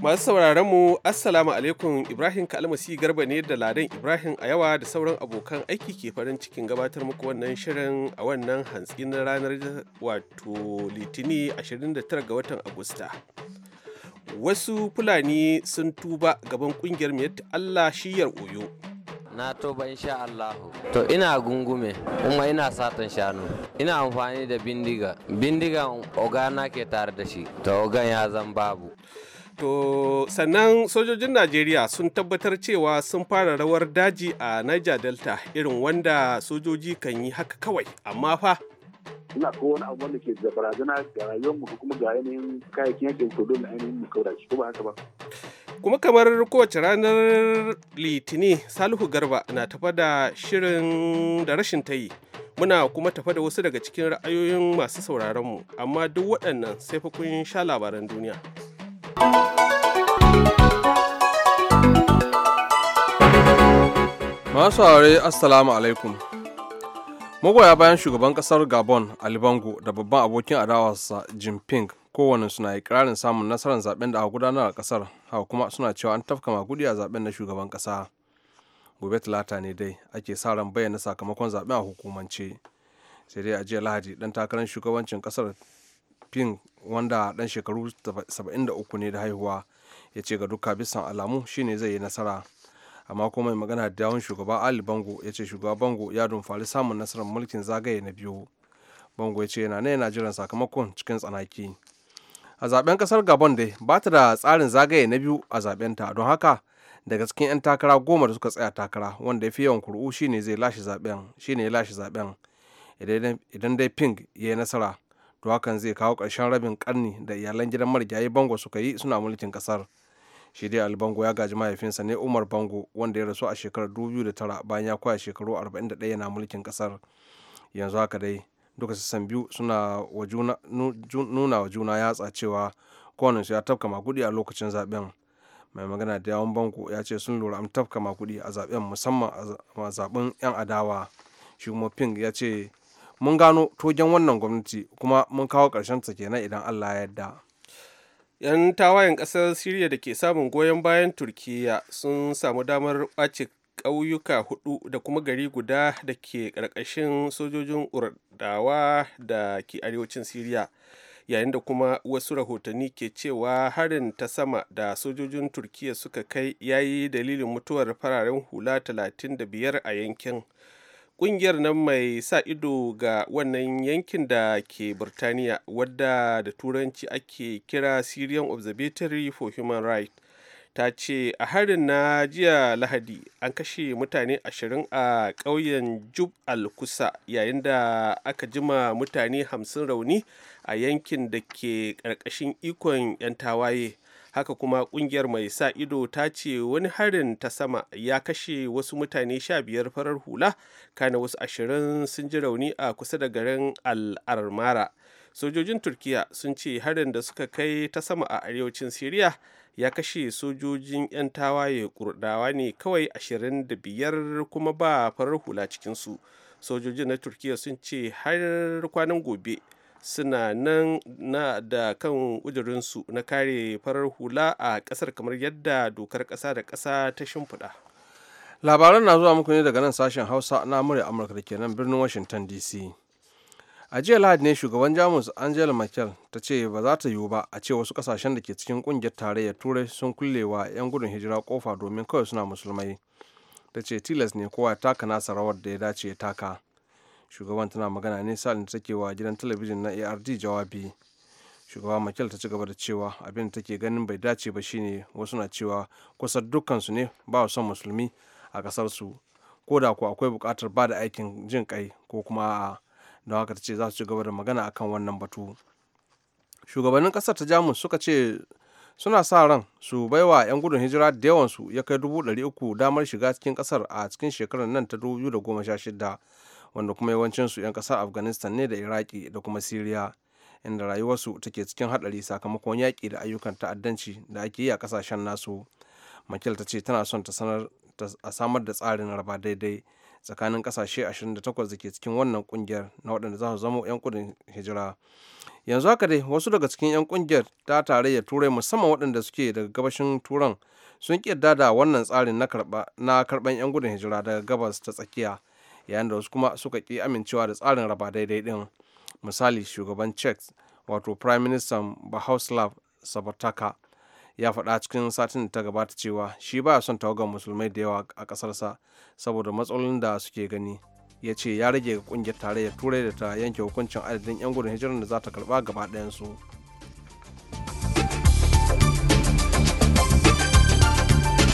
Masu sauraron mu Assalamu alaikum Ibrahim Kalmasi Garba ne da Ladan Ibrahim a yawa da sauran abokan aiki ke farin cikin gabatar muku wannan shirin a wannan hantsi na ranar wato Litini 29 ga watan Agusta. Wasu Fulani sun tuba gaban kungiyar Miyat Allah shiyar Oyo. na toba sha Allahu to ina gungume kuma ina satan shanu ina amfani da bindiga bindigan ogana ke tare da shi to ogan ya zan babu To sannan sojojin Najeriya sun tabbatar cewa sun fara rawar daji a Niger Delta irin wanda sojoji kan yi haka kawai amma fa ina ko wani abu wanda ke da barazana ga rayuwar mu kuma ga yanayin kayayyakin yakin to dole ainihin mu kaura shi ko ba haka ba kuma kamar kowace ranar litini salihu garba na tafa da shirin da rashin tayi muna kuma tafa da wasu daga cikin ra'ayoyin masu sauraronmu amma duk waɗannan sai fa kun sha labaran duniya masu aure assalamu alaikum magoya bayan shugaban kasar gabon ali bango da babban abokin adawarsa jinping kowane suna yi kirarin samun nasarar zaben da aka gudanar a kasar haka kuma suna cewa an tafka magudi a zaben na shugaban kasa gobe talata ne dai ake sa ran bayyana sakamakon zaben a hukumance sai dai a jiya lahadi dan takarar shugabancin kasar ping wanda dan shekaru 73 ne da haihuwa ya ce ga duka bisan alamu shine zai yi nasara amma kuma mai magana da yawon shugaba ali bango ya ce shugaba bango ya dumfari samun nasarar mulkin zagaye na biyu bango ya ce yana ne yana jiran sakamakon cikin tsanaki a zaben kasar gabon dai ba ta da tsarin zagaye na biyu a zaben ta don haka daga cikin 'yan takara goma da suka tsaya takara wanda ya fi yawan kuru'u shine zai lashe zaben shine ya lashe zaben idan dai ping ya yi nasara to hakan zai kawo ƙarshen rabin karni da iyalan gidan marigayi bango suka yi suna mulkin ƙasar shi dai ali bango ya gaji mahaifinsa ne umar bango wanda ya rasu a shekarar 2009 bayan ya kwaya shekaru 41 yana mulkin ƙasar yanzu haka dai duka sassan biyu suna nuna wa juna yatsa cewa kowane su ya tafka makudi a lokacin zaben mai magana da yawon bango ya ce sun lura an tafka makudi a zaben musamman a zaben yan adawa shi kuma ping ya ce mun gano togen wannan gwamnati kuma mun kawo ƙarshensa kenan idan allah ya yarda yan tawayen ƙasar siriya da ke samun goyon bayan turkiya sun samu damar ɓace ƙauyuka hudu da kuma gari guda da ke ƙarƙashin sojojin urdawa da ke arewacin siriya yayin da kuma wasu rahotanni ke cewa harin ta sama da sojojin turkiya suka kai yayi dalilin mutuwar fararen hula 35 a yankin kungiyar nan mai sa ido ga wannan yankin da ke birtaniya wadda da turanci ake kira syrian observatory for human rights ta ce a harin na jiya lahadi an kashe mutane ashirin a ƙauyen jub al-kusa yayin da aka jima mutane hamsin rauni a yankin da ke ƙarƙashin ikon 'yan tawaye haka kuma kungiyar mai sa ido ta ce wani harin ta sama ya kashe wasu mutane sha biyar farar hula kana wasu ashirin sun ji rauni a kusa da garin al'armara sojojin turkiya sun ce harin da suka kai ta sama a arewacin siriya ya kashe sojojin 'yan tawaye kurdawa ne kawai 25 kuma ba farar hula cikinsu sojojin na turkiya sun ce har kwanan gobe suna nan na da kan ƙudurinsu na kare farar hula a ƙasar kamar yadda dokar ƙasa da ƙasa ta shimfiɗa. labaran na zuwa muku ne daga nan sashen hausa na murya amurka da ke nan birnin washington dc a jiya lahadi ne shugaban jamus angela merkel ta ce ba za ta yiwu ba a ce wasu kasashen da ke cikin kungiyar tarayyar turai sun kulle wa 'yan gudun hijira kofa domin kawai suna musulmai ta ce tilas ne kowa taka nasa rawar da ya dace ya taka shugaban tana magana ne salin da take wa gidan talabijin na ard jawabi shugaba makel ta ci gaba da cewa abin da take ganin bai dace ba shine wasu na cewa kusan dukkansu ne ba son musulmi a kasarsu ko da ku akwai bukatar ba da aikin jin kai ko kuma a don haka ta ce za su ci gaba da magana akan wannan batu shugabannin kasar ta jamus suka ce suna sa ran su baiwa 'yan gudun hijira da yawansu ya kai dubu ɗari damar shiga cikin kasar a cikin shekarar nan ta 2016 wanda kuma yawancinsu 'yan ƙasar afghanistan ne da iraki da kuma syria inda rayuwarsu take cikin haɗari sakamakon yaƙi da ayyukan ta'addanci da ake yi a ƙasashen nasu makil ta ce tana son ta sanar a samar da tsarin raba daidai tsakanin ƙasashe 28 da ke cikin wannan ƙungiyar na waɗanda za su zama 'yan kudin hijira yanzu haka dai wasu daga cikin 'yan ƙungiyar ta tarayyar turai musamman waɗanda suke daga gabashin turan sun ƙi da wannan tsarin na karɓan 'yan gudun hijira daga gabas ta tsakiya yayin da wasu kuma suka ki amincewa da tsarin raba daidai din misali shugaban czech wato prime minister bahauslav sabataka ya faɗa cikin satin da ta gabata cewa shi ba son tawagar musulmai da yawa a ƙasarsa saboda matsalolin da suke gani ya ce ya rage ga ƙungiyar tarayyar turai da ta yanke hukuncin adadin 'yan gudun hijirar da za ta karɓa gaba ɗayansu. su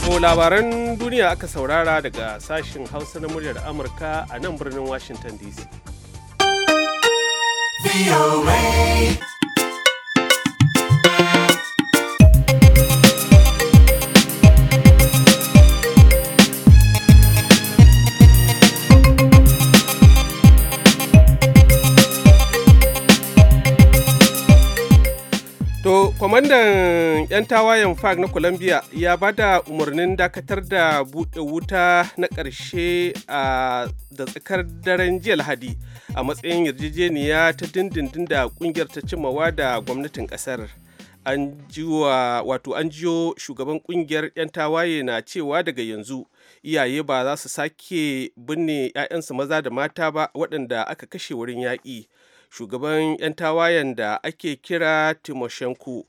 To labaran duniya aka saurara daga sashen Hausa na muryar Amurka a nan birnin Washington DC. To, kwamandan 'yan tawayen FAG na Colombia ya ba da umarnin dakatar da buɗe wuta na ƙarshe da tsakar daren jiya Lahadi a matsayin yarjejeniya ta dindindin da ƙungiyar ta cimawa da gwamnatin ƙasar. An wato an jiyo shugaban ƙungiyar 'yan tawaye na cewa daga yanzu iyaye ba za su sake binne 'ya'yansu maza da mata ba waɗanda aka kashe wurin yaƙi. shugaban 'yan tawayen da ake kira timoshenko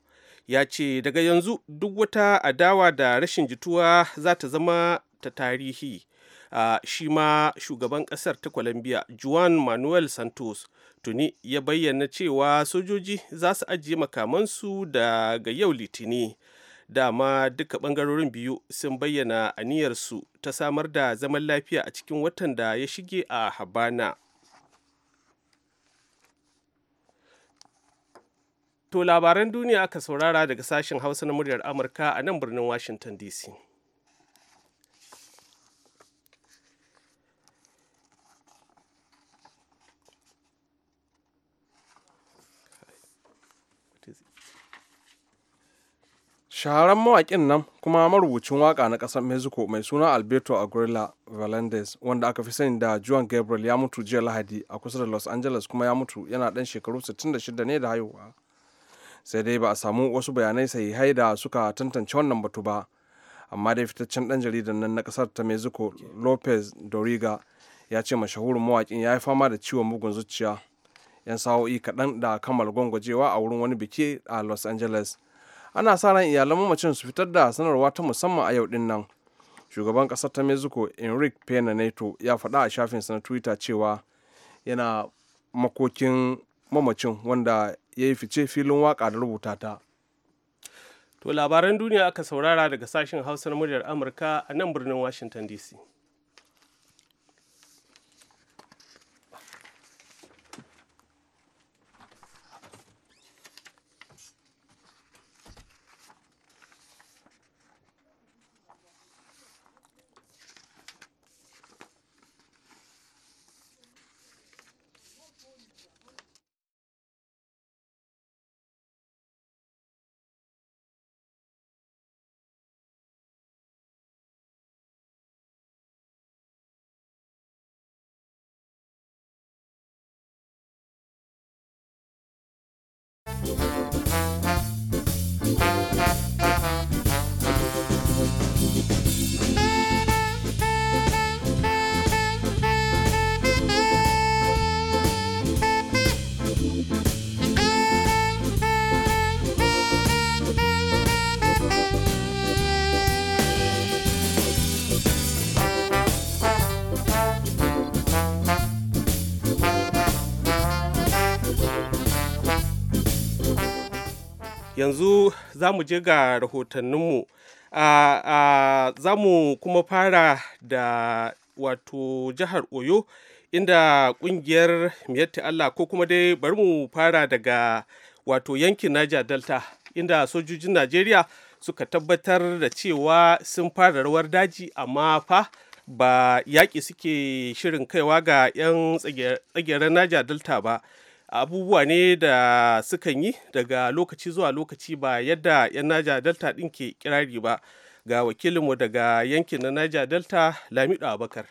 ya ce daga yanzu duk wata adawa da rashin jituwa za ta zama ta tarihi uh, shi ma shugaban kasar ta colombia juan manuel santos tuni ya bayyana cewa sojoji za su ajiye makamansu daga yau litini dama duka bangarorin biyu sun bayyana aniyarsu ta samar da zaman lafiya a cikin watan da ya shige a habana To labaran duniya aka saurara daga sashen Hausa na muryar Amurka a nan birnin Washington DC. shaharan mawaƙin nan kuma marubucin waƙa na ƙasar mexico mai suna alberto aguilera valendez wanda aka fi sani da juan gabriel ya mutu jiya lahadi a kusa da los angeles kuma ya mutu yana ɗan shekaru 66 ne da haihuwa sai dai ba a samu wasu bayanai sahihai da suka tantance wannan batu ba amma dai fitaccen dan jaridan nan na kasar ta mexico lopez doriga ya ce mashahurin mawakin ya yi fama da ciwon bugun zuciya yan sa'o'i kaɗan da kammala gwangwajewa a wurin wani biki a los angeles ana sa ran iyalan mamacin su fitar da sanarwa ta musamman a yau din nan shugaban kasar ta mexico enric pena neto ya faɗa a shafinsa na twitter cewa yana makokin mamacin wanda ya yi fice filin waka da rubuta ta to labaran duniya aka saurara daga sashen hausa na muryar amurka a nan birnin washington dc yanzu za mu je ga rahotanninmu za mu kuma fara da wato jihar oyo inda kungiyar miyatti allah ko kuma dai bari mu fara daga wato yankin niger delta inda sojojin najeriya suka tabbatar da cewa sun fara rawar daji amma fa ba yaƙi suke shirin kaiwa ga 'yan tsageren niger delta ba abubuwa ne da sukan yi daga lokaci zuwa lokaci ba yadda 'yan naja delta ɗin ke kirari ba ga wakilinmu daga yankin na naja delta lamido abakar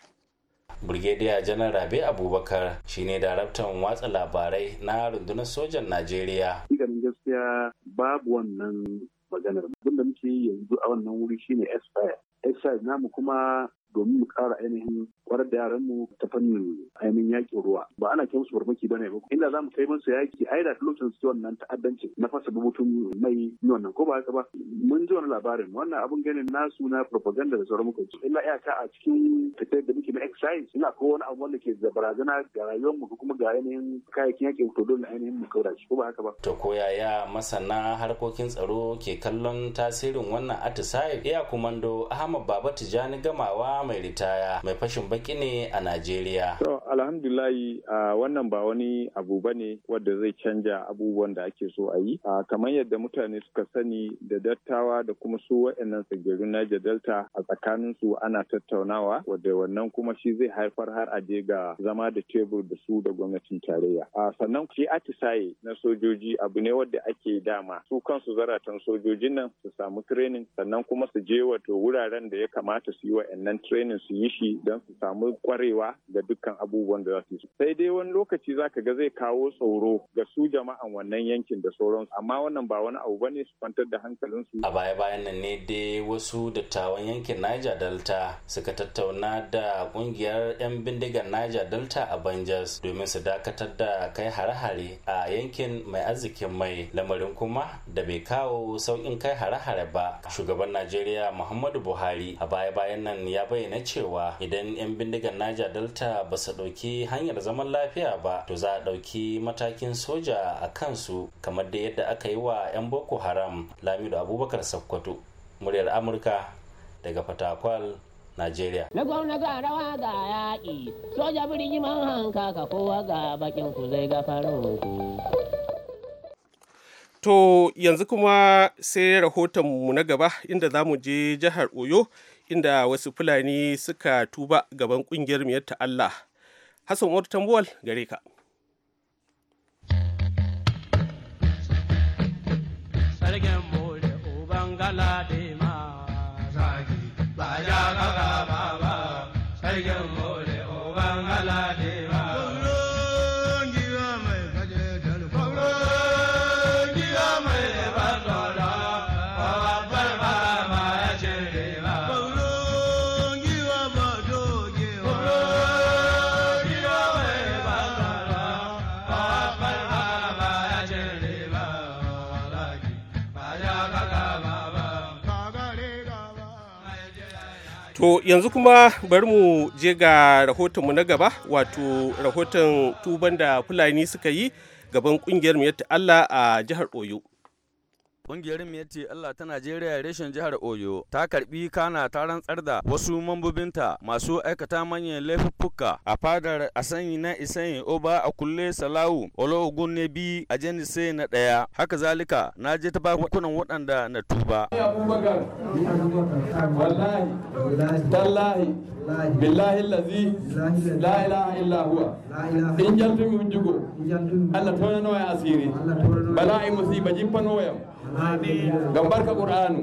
Brigadier Janar Rabe Abubakar shine daraktan watsa labarai na rundunar sojan Najeriya. gaskiya babu wannan maganar abin da muke yanzu a wannan wuri shine expire Esfaya namu kuma domin mu kara ainihin kwarar da yaran mu ta fannin ainihin yakin ruwa ba ana kai musu farmaki bane ba inda zamu kai musu yaki ai da lokacin su wannan ta'addanci na fasa bubutun mai ni wannan ko ba haka ba mun ji wani labarin wannan abun ganin nasu na propaganda da sauran muka illa iyaka a cikin tafiyar da muke na exercise ina ko wani abu wanda ke da barazana ga rayuwar mu kuma ga ainihin kayayyakin yakin to dole ainihin mu kaura shi ko ba haka ba to ko yaya masana harkokin tsaro ke kallon tasirin wannan atisaye iya kumando Ahmad Baba Tijani Gamawa mai ritaya mai fashin baki ne a Najeriya. To alhamdulahi wannan ba wani abu ba ne wadda zai canja abubuwan da ake so a yi. Kamar yadda mutane suka sani da dattawa da kuma su waɗannan tsagiru na Delta a tsakanin su ana tattaunawa wadda wannan kuma shi zai haifar har a je ga zama da tebur da su da gwamnatin tarayya. Sannan shi atisaye na sojoji abu ne wadda ake dama su kansu zaratan sojojin nan su samu training sannan kuma su je wato wuraren da ya kamata su yi wa'annan training su yi shi don su samu kwarewa ga dukkan abubuwan da za su yi sai dai wani lokaci zaka ga zai kawo tsoro ga su jama'an wannan yankin da sauransu amma wannan ba wani abu bane su kwantar da hankalinsu a baya bayan nan ne dai wasu dattawan yankin Niger Delta suka tattauna da kungiyar 'yan bindigar Niger Delta a Banjas domin su dakatar da kai hare-hare a yankin mai arzikin mai lamarin kuma da bai kawo sauƙin kai hare-hare ba shugaban Najeriya Muhammadu Buhari a baya bayan nan ya bayyana bayyana cewa idan 'yan bindigar Niger Delta ba su dauki hanyar zaman lafiya ba to za a dauki matakin soja a kansu kamar da yadda aka yi wa 'yan Boko Haram Lamido Abubakar Sakkwato muryar Amurka daga Fatakwal nigeria. Na gwamna ga rawa ga yaƙi, soja birni man hanka ka kowa ga bakin ku zai ga farin ku. To yanzu kuma sai rahoton mu na gaba inda za je jihar Oyo inda wasu fulani suka tuba gaban kungiyar miyar ta Allah Hassan Umar Tambuwal gare ka Sarkin ma zagi ba ya ba To yanzu kuma bari mu je ga rahotonmu na gaba wato rahoton tuban da Fulani suka yi gaban kungiyar yadda Allah a jihar Oyo. Ƙungiyar Miyatti Allah ta Najeriya reshen jihar Oyo ta karbi kana ta rantsar da wasu mambobinta masu aikata manyan laifuffuka a fadar Asanyi na Isanyi Oba a kulle Salawu Ologun ne bi a Jenise na daya Haka zalika na je ta bakunan waɗanda na tuba. billahi lazi la ilaha illa huwa in jaltumi hujjugo Allah tona noya asiri bala'i musiba jimfa noyam gam barka qur'anu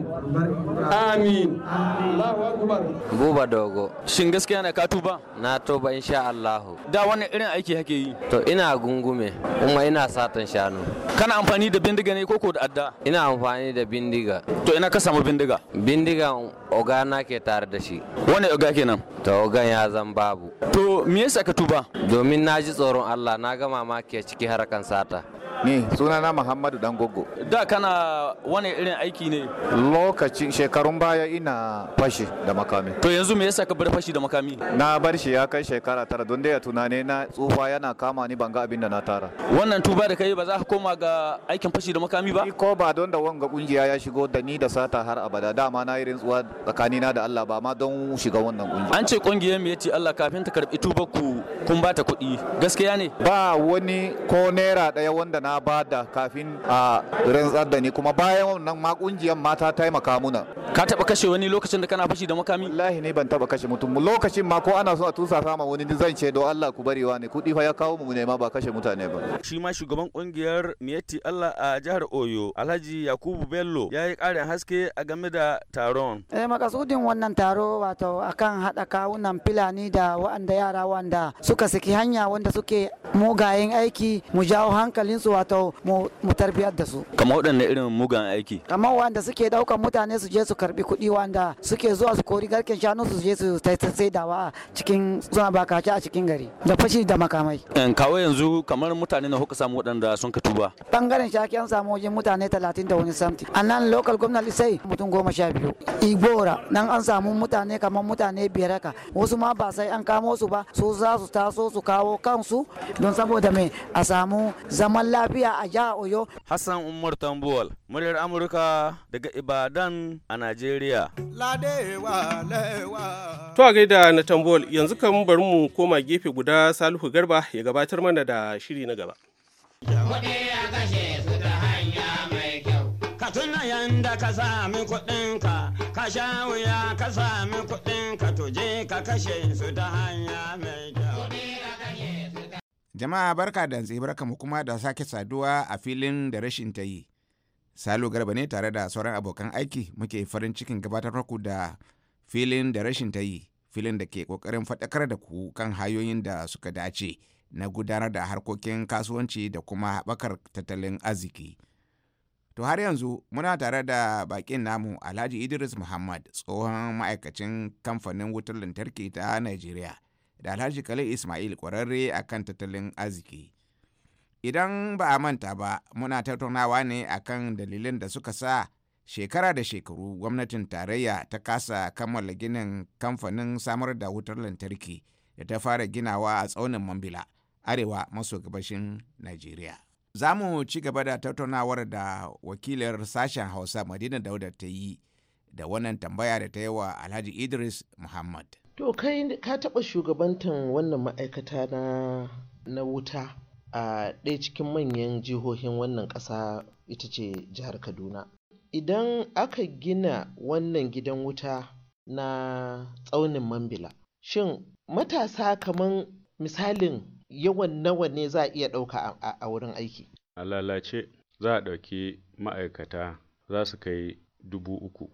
amin allahu akbar buba dogo shin gaskiya ne ka tuba na tuba insha allahu da wannan irin aiki hake yi to ina gungume kuma ina satan shanu kana amfani da bindiga ne koko da adda ina amfani da bindiga to ina ka samu bindiga bindiga oga na ke tare da shi wani oga kenan to ogan ya zan babu to me yasa ka tuba domin na ji tsoron Allah na ga mamaki a ciki harkan sata Ni sunana Muhammadu Dangogo. Da kana wani irin aiki ne? Lokacin shekarun baya ina fashi da makami. To yanzu me yasa ka bar fashi da makami? Na bar shi ya kai shekara tara don ya tunane na tsufa yana kama ni ban ga abin da na tara. Wannan tuba da kai ba za ka koma ga aikin fashi da makami ba? Ko ba don da wanga kungiya ya shigo da ni da sata har abada dama na yi rintsuwa tsakanina da Allah ba ma don shiga wannan kungiya. An ce kungiyar me yace Allah kafin ta karbi tubar ku kun ba ta kuɗi. Gaskiya ne? Ba wani ko naira daya wanda na bada kafin a rantsar da ni kuma bayan wannan ma kungiyar mata taimaka muna ka taba kashe wani lokacin da kana fushi da makami wallahi ne ban taba kashe mutum lokacin ma ko ana so a tusa sama wani zan ce don Allah ku barewa ne kudi fa ya kawo mu ne ma ba kashe mutane ba shi ma shugaban kungiyar Miyetti Allah a jihar Oyo Alhaji Yakubu Bello ya yi karin haske a game da taron eh makasudin wannan taro wato akan hada kawunan Fulani da waɗanda yara wanda suka saki hanya wanda suke mugayen aiki mu jawo hankalin hankalinsu wato mu tarbiyar da su kama waɗanne irin mugan aiki kamar wanda suke ɗaukar mutane su je su karbi kuɗi wanda suke zuwa su kori garken shanu su je su wa cikin suna bakaci a cikin gari da fashi da makamai kawo yanzu kamar mutane na huka samu waɗanda sun ka tuba bangaren shaki an samu wajen mutane talatin da wani samti a nan local gwamnati sai mutum goma sha biyu igbora nan an samu mutane kamar mutane biyar haka wasu ma ba sai an kamo su ba su za su taso su kawo kansu don saboda me a samu zaman lafiya lafiya a jihar Oyo. Hassan Umar Tambuwal, muryar Amurka daga Ibadan a Najeriya. To a gaida na Tambuwal, yanzu kan bari mu koma gefe guda Salihu Garba ya gabatar mana da shiri na gaba. Kuɗi a kashe su ta Ka tuna yanda ka sami kuɗinka, ka sha wuya ka sami kuɗinka, to je ka kashe su ta hanya mai Jama'a barka da barka mu kuma da sake saduwa a filin da rashin ta yi. Salo Garba ne tare da sauran abokan aiki muke farin cikin gabatar muku da filin da rashin ta yi, filin da ke kokarin faɗakar da ku kan hanyoyin da suka dace na gudanar da harkokin kasuwanci da kuma haɓakar tattalin arziki. To har yanzu muna tare da bakin namu Alhaji Idris Muhammad tsohon ma'aikacin kamfanin wutar lantarki ta Najeriya da alhaji kale ismail kwararre a kan tattalin arziki idan ba a manta ba muna tattaunawa ne akan dalilin da suka sa shekara da shekaru gwamnatin tarayya ta kasa kammala ginin kamfanin samar da wutar lantarki da ta fara ginawa a tsaunin mambila arewa maso gabashin najeriya za mu ci gaba da tattaunawar da wakilar sashen hausa madina dauda ta yi da wannan tambaya da ta yi wa alhaji idris muhammad To kai ka taɓa shugabantan wannan ma'aikata na na wuta a ɗaya cikin manyan jihohin wannan ƙasa ita ce jihar Kaduna. Idan aka gina wannan gidan wuta na tsaunin Mambila, shin matasa kaman misalin yawan nawa ne za a iya ɗauka a wurin aiki? A lalace za a ɗauki ma'aikata za su kai dubu uku.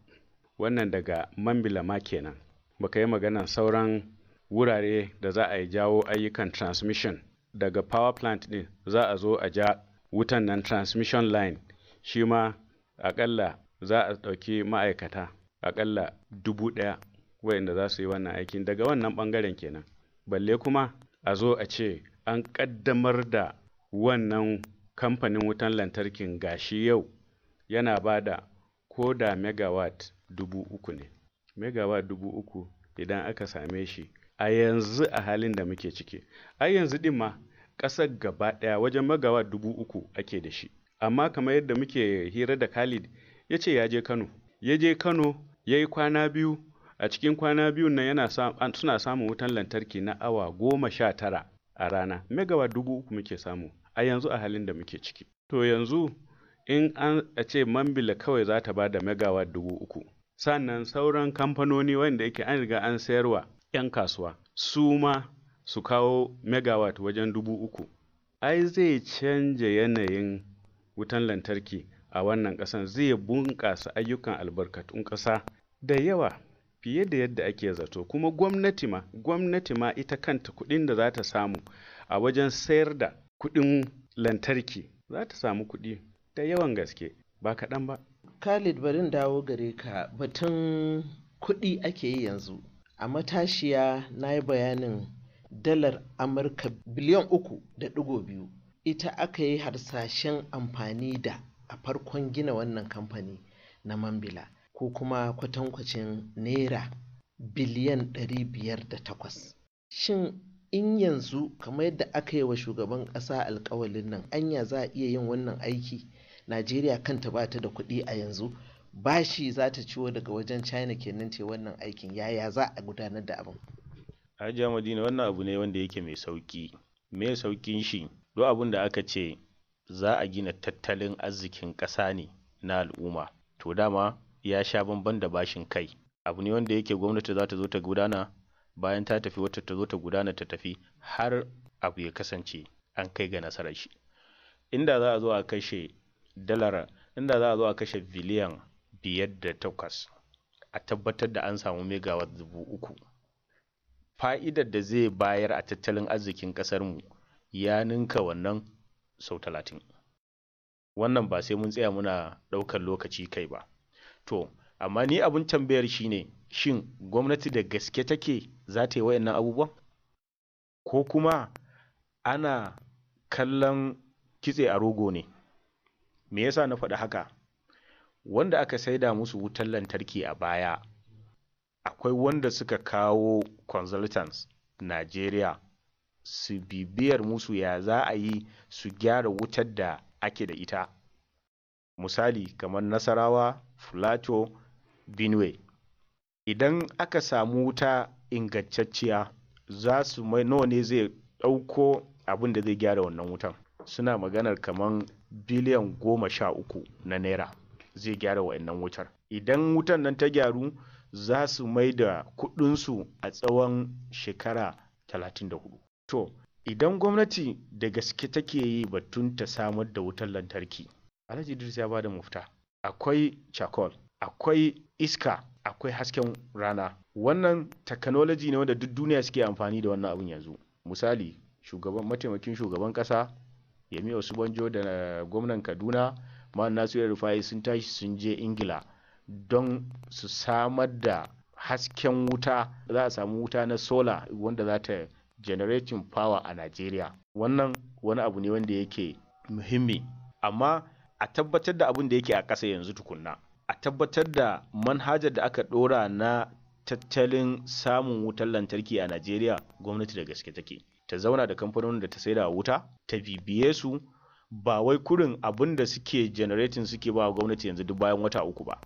Wannan daga Mambila ma kenan. baka yi maganan sauran wurare da za a yi jawo ayyukan transmission daga power plant din za a zo a ja wutan nan transmission line shi ma akalla za a ɗauki ma'aikata akalla dubu ɗaya wayanda za su yi wannan aikin daga wannan ɓangaren kenan balle kuma a zo a ce an ƙaddamar da wannan kamfanin wutan lantarkin gashi yau yana ba da ko da megawatt dubu uku ne megawatt dubu uku idan aka same shi a yanzu a halin da muke ciki a yanzu din ma ƙasar gaba ɗaya wajen megawatt dubu uku ake da shi amma kamar yadda muke hira da khalid ya ce ya je kano ya je kano ya yi kwana biyu a cikin kwana biyun nan yana suna samun wutan lantarki na awa goma sha tara a rana megawatt dubu uku muke samu a yanzu a halin da muke ciki to yanzu in an a ce mambila kawai za ta ba da megawatt dubu uku sannan sauran kamfanoni wanda yake an riga an sayarwa 'yan kasuwa su ma su kawo megawatt wajen dubu uku ai zai canja yanayin wutan lantarki a wannan ƙasan zai bunƙasa ayyukan albarkatun ƙasa da yawa fiye da yadda ake zato kuma gwamnati ma gwamnati ma ita kanta kuɗin da za ta samu a wajen sayar da kuɗin lantarki za ta samu kuɗi da yawan gaske ba kaɗan ba Khalid bari dawo gare ka batun kuɗi ake yi yanzu. A matashiya na yi bayanin dalar Amurka biliyan uku da ɗigo biyu. Ita aka yi harsashen amfani da a farkon gina wannan kamfani na Mambila ko kuma kwatankwacin Naira biliyan ɗari biyar da takwas. Shin in yanzu kamar yadda aka yi wa shugaban ƙasa alkawalin nan anya za a iya yin wannan aiki najeriya kanta ba ta da kuɗi a yanzu bashi za ta ciwo daga wajen china kenan ce wannan aikin yaya za a gudanar da abin hajiya madina wannan abu ne wanda yake mai sauki mai saukin shi duk abin da aka ce za a gina tattalin arzikin ƙasa ne na al'umma to dama ya sha bamban da bashin kai abu ne wanda yake gwamnati za ta zo ta gudana bayan ta tafi wata ta zo ta gudana ta tafi har abu ya kasance an kai ga nasarar shi inda za a zo a kashe dalar inda za a zo a kashe biliyan biyar da takwas a tabbatar da an samu megawatt dubu uku fa'idar da zai bayar a tattalin arzikin ƙasarmu ya ninka wannan sau talatin wannan ba sai mun tsaya muna ɗaukar lokaci kai ba to amma ni abin tambayar shi ne shin gwamnati da gaske take za ta yi wayannan abubuwan ko kuma ana kallon kitse a rogo ne me yasa na faɗi haka wanda aka saida musu wutar lantarki a baya akwai wanda suka kawo consultants Nigeria su bibiyar musu ya za a yi su gyara wutar da ake da ita misali kamar nasarawa filato benue idan aka samu wuta ingantacciya za su mai nawa ne zai ɗauko abin da zai gyara wannan wutan suna maganar kamar biliyan goma sha uku na naira zai gyara wa'annan wutar idan wutar nan ta gyaru za su mai da kudinsu a tsawon shekara 34 to idan gwamnati da gaske take yi batun ta samar da wutar lantarki alhaji idris ya bada mafita akwai charcoal akwai iska akwai hasken rana wannan technology ne wanda duk duniya suke amfani da wannan abin yanzu misali shugaban mataimakin shugaban kasa yemi osubanjo da gwamnan kaduna ma nasiru rufai sun tashi sun je ingila don su samar da hasken wuta za a samu wuta na sola wanda za ta generating power a nigeria Wannan wani abu ne wanda yake muhimmi, amma a tabbatar da abin da yake a ƙasa yanzu tukunna. A tabbatar da manhajar da aka ɗora na tattalin samun wutar lantarki a nigeria gwamnati da gaske take. ta zauna da kamfanonin da ta saida wuta ta bibiye su ba wai kurin abin da suke generating suke ba gwamnati yanzu duk bayan wata uku ba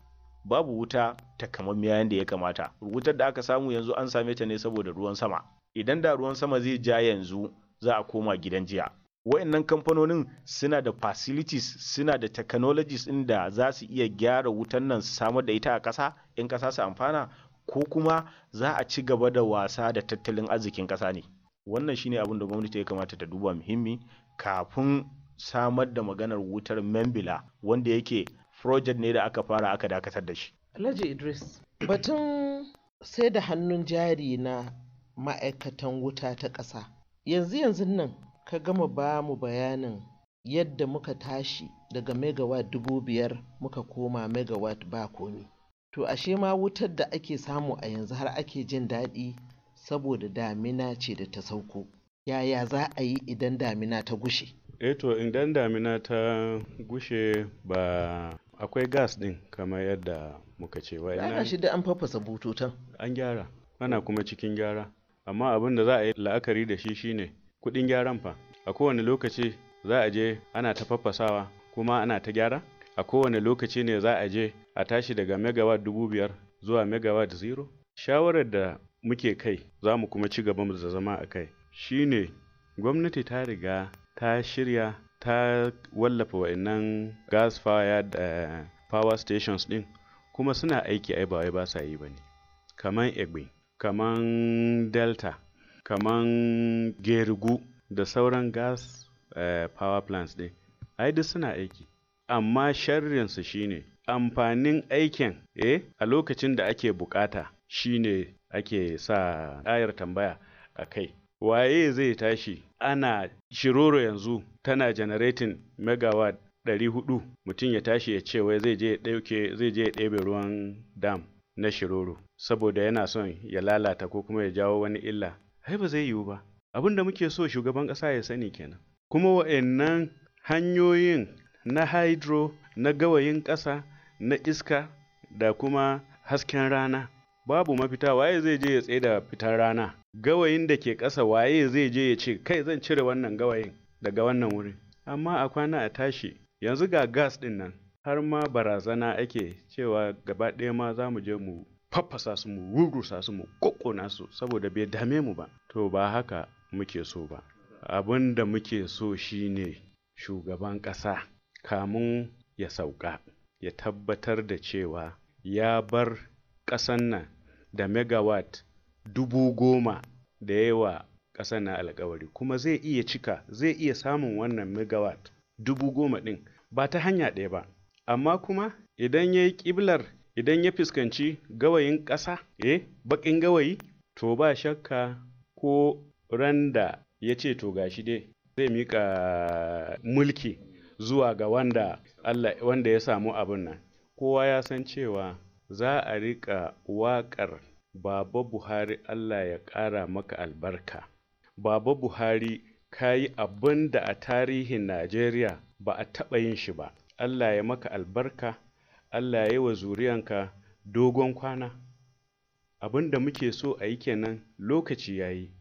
babu wuta ta miya yadda ya kamata wutar da aka samu yanzu an same ta ne saboda ruwan sama idan da ruwan sama zai ja yanzu za a koma gidan jiya wa'annan kamfanonin suna da facilities suna da technologies inda za su iya gyara wutan nan su samar da ita a ƙasa in ƙasa su amfana ko kuma za a ci gaba da wasa da tattalin arzikin ƙasa ne wannan shine abin da gwamnati ya kamata ta duba muhimmi kafin samar da maganar wutar membila wanda yake project ne da aka fara aka dakatar da shi alhaji idris batun sai da hannun jari na ma'aikatan wuta ta ƙasa yanzu yanzu nan ka gama ba mu bayanin yadda muka tashi daga megawatt dubu biyar muka koma megawatt ba komi to ashe ma wutar da ake samu a yanzu har ake jin daɗi saboda damina ce da ta sauko yaya za a yi idan damina ta gushe eto eh idan damina ta gushe ba akwai gas din kamar yadda muka ce ba ina shi da an fafasa bututun an gyara ana kuma cikin gyara amma abin da za a yi la'akari da shi shine kudin gyaran fa a kowane lokaci za a je ana ta fafasawa kuma ana ta gyara a kowane lokaci ne za a je a tashi daga megawatt dubu biyar zuwa megawatt zero shawarar da muke kai za mu kuma ci gaba da zama a kai shine gwamnati ta riga ta shirya ta wallafa wa'annan gas fire da eh, power stations din kuma suna aiki ai ba wai ba sa yi ba ne kaman egbe kaman delta kaman gerugu da sauran gas eh, power plants din ai duk suna aiki amma sharrinsu shine amfanin aikin eh a lokacin da ake bukata shine ake sa ayar tambaya a kai waye zai tashi ana shiroro yanzu tana generating megawatt ɗari hudu mutum ya tashi ya ce wai zai je ya ɗauke zai je ya ɗebe ruwan dam na shiroro saboda yana son ya lalata ko kuma ya jawo wani illa ai ba zai yiwu ba abin da muke so shugaban ƙasa ya sani kenan kuma wa'annan hanyoyin na hydro na gawayin ƙasa na iska da kuma hasken rana babu mafita waye zai je ya tsaye da fitar rana gawayin da ke ƙasa waye zai je ya ce kai zan cire wannan gawayin daga wannan wurin amma a kwana a tashi yanzu ga gas ɗin nan har ma barazana ake cewa gaba ɗaya ma za mu je mu faffasa su mu rurrusa su mu kokkona su saboda bai dame mu ba to ba haka muke so ba abin da muke so shine shugaban ƙasa kamun ya sauka ya tabbatar da cewa ya bar ƙasan nan da megawatt dubu goma da yawa ƙasar na alkawari kuma zai iya cika zai iya samun wannan megawatt dubu goma ɗin ba ta hanya ɗaya ba amma kuma idan ya yi ƙiblar idan ya fuskanci gawayin ƙasa eh baƙin gawayi to ba shakka ko ran da ya ce to gashi dai zai miƙa mulki zuwa ga wanda wanda ya samu abin nan kowa ya san cewa za a riƙa waƙar Baba Buhari Allah ya ƙara maka albarka. Baba Buhari ka yi abin da a tarihin Najeriya ba a taɓa yin shi ba. Allah ya maka albarka, Allah ya yi wa zuriyanka dogon kwana. Abin da muke so a yi kenan lokaci ya yi.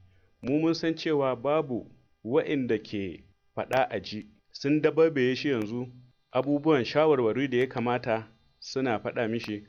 Mu mun san cewa babu wa'inda ke faɗa a ji sun dababe shi yanzu abubuwan shawarwari da ya kamata suna faɗa mishi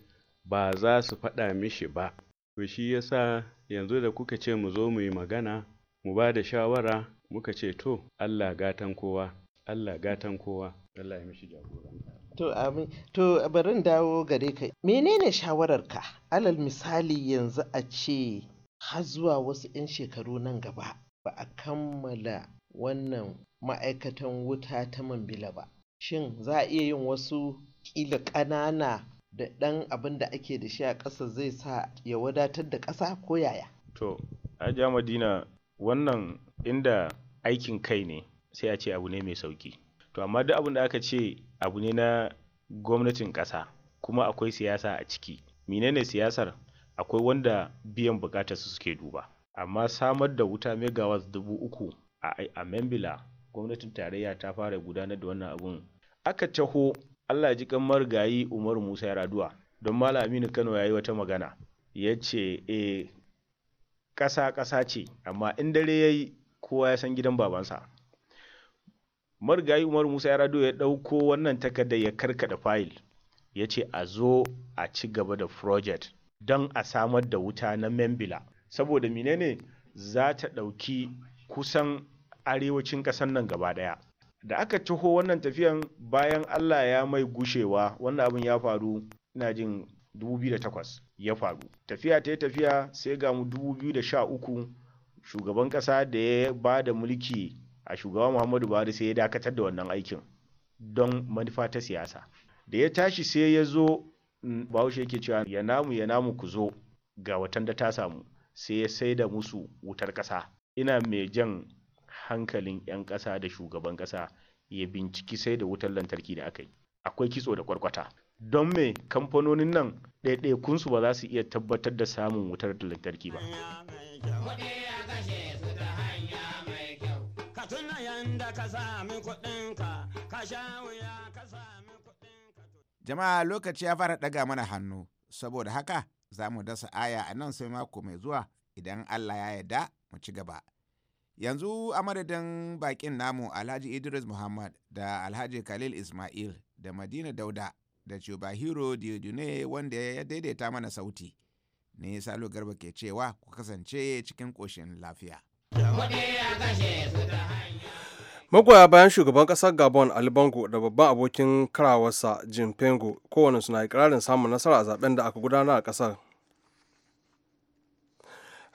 ba za su faɗa mishi ba to shi yasa yanzu da kuka ce mu zo mu yi magana mu ba da shawara muka ce to Allah gatan kowa Allah gatan kowa Allah ya mishi jagora to amin to barin dawo gare ka menene shawararka alal misali yanzu a ce har zuwa wasu 'yan shekaru nan gaba ba a kammala wannan ma'aikatan wuta ta man bila ba shin za a iya yin wasu ƙila ƙanana da ɗan abin da ake da shi a ƙasa zai sa ya wadatar da ƙasa ko yaya to aja madina wannan inda aikin kai ne sai a ce abu ne mai sauki to amma duk abin da aka ce abu ne na gwamnatin ƙasa kuma akwai siyasa a ciki menene siyasar akwai wanda biyan buƙatar su suke duba amma samar da wuta megawatt dubu uku a, a membila gwamnatin tarayya ta fara gudanar da wannan abun aka taho Allah ji kan marigayi Umaru Musa Yaraduwa don Malam Aminu Kano yi wata magana ya ce e ƙasa ƙasa ce amma in dare ya yi, kowa ya san gidan babansa marigayi Umaru Musa Yaraduwa ya ɗauko wannan takardar ya karkada fayil ya ce a zo a ci gaba da project don a samar da wuta na membila saboda menene za ta ɗauki kusan arewacin ƙasar nan gaba ɗaya da aka ciho wannan tafiyan bayan Allah ya mai gushewa wannan abin ya faru ina jin 2008 ya faru tafiya ta yi tafiya sai ga mu 2013 shugaban ƙasa da ya ba da mulki a shugaba muhammadu buhari sai ya dakatar da wannan aikin don manufa ta siyasa da ya tashi sai ya zo mm, bahaushe yake cewa ya namu ya namu ku zo ga watan da ta samu sai ya sai da musu wutar ƙasa ina mai jan hankalin 'yan ƙasa da shugaban ƙasa ya binciki sai da wutar lantarki da aka yi akwai kitso da kwarkwata don me kamfanonin nan ɗaiɗaikunsu ba za su iya tabbatar da samun wutar lantarki ba jama'a lokaci ya fara ɗaga mana hannu saboda haka za mu dasa aya a nan sai mako mai zuwa idan allah ya yarda mu ci gaba Yanzu a madadin bakin namu Alhaji Idris Muhammad da Alhaji Khalil Ismail da Madina Dauda da hero Diodune wanda ya daidaita mana sauti. Ne Salo Garba ke cewa ku kasance cikin koshin lafiya. Magoya bayan shugaban kasar Gabon Ali Bongo da babban abokin karawarsa Jim Pengo kowane suna ikirarin samun nasara a zaben da aka gudanar a kasar.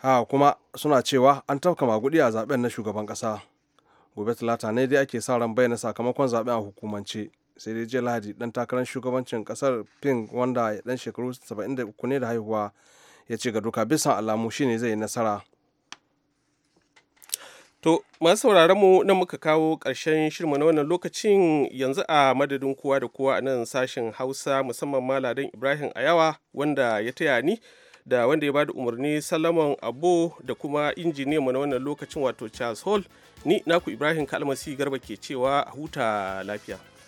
ha kuma suna cewa an tafka magudi a zaben na shugaban kasa gobe talata ne dai ake sa ran bayyana sakamakon zaben a hukumance sai dai jiya lahadi dan takarar shugabancin kasar ping wanda ya dan shekaru 73 ne da haihuwa ya ce ga duka bisan alamu shine zai yi nasara To, masu sauraron mu nan muka kawo ƙarshen shirma na wannan lokacin yanzu a madadin kowa da kowa a nan sashen Hausa musamman maladin Ibrahim Ayawa wanda ya taya ni. da wanda ya bada umarni Salamon Abo da kuma injiniyan mu na wannan lokacin wato Charles Hall ni naku Ibrahim Kalmasi Garba ke cewa huta lafiya.